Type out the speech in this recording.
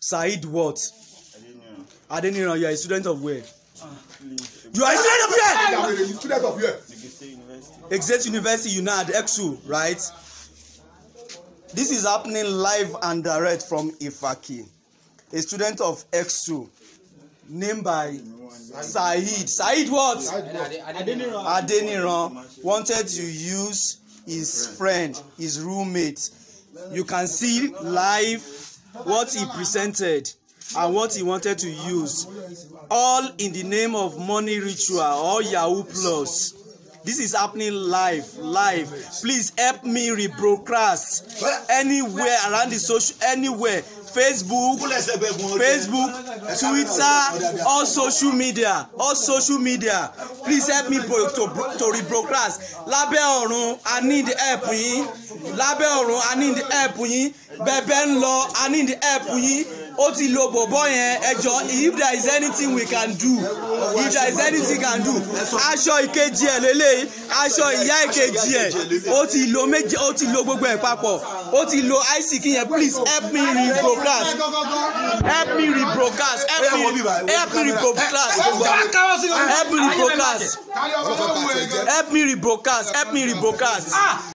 Said what? Adeniran, you are a student of where? Ah, you are a student of where? student of where? Exeter University, UNAD, EXU, right? This is happening live and direct from Ifaki. A student of EXU named by Said. Said what? Adeniran. Adeniran wanted to use his friend, his roommate. You can see live what he presented and what he wanted to use all in the name of money ritual or yahoo plus this is happening live live please help me rebroadcast anywhere around the social anywhere facebook facebook twitter all social media all social media please help me to, to rebroadcast lábẹ́ ọ̀run i need help yín lábẹ́ ọ̀run i need help yín bẹ́ẹ̀ ń lọ i need help yín ó ti lo bọ̀bọ̀ yẹn ẹjọ́ if there is anything we can do if there is anything we can do aṣọ ìkejì ẹ̀ lélẹ́yìí aṣọ ìyá ìkejì ẹ̀ ó ti lo méje ó ti lo gbogbo ẹ̀ papọ̀ ó ti lo ICK yẹn please help me rebroadcast help me rebroadcast help me help me rebroadcast help me rebroadcast help me rebroadcast help me rebroadcast.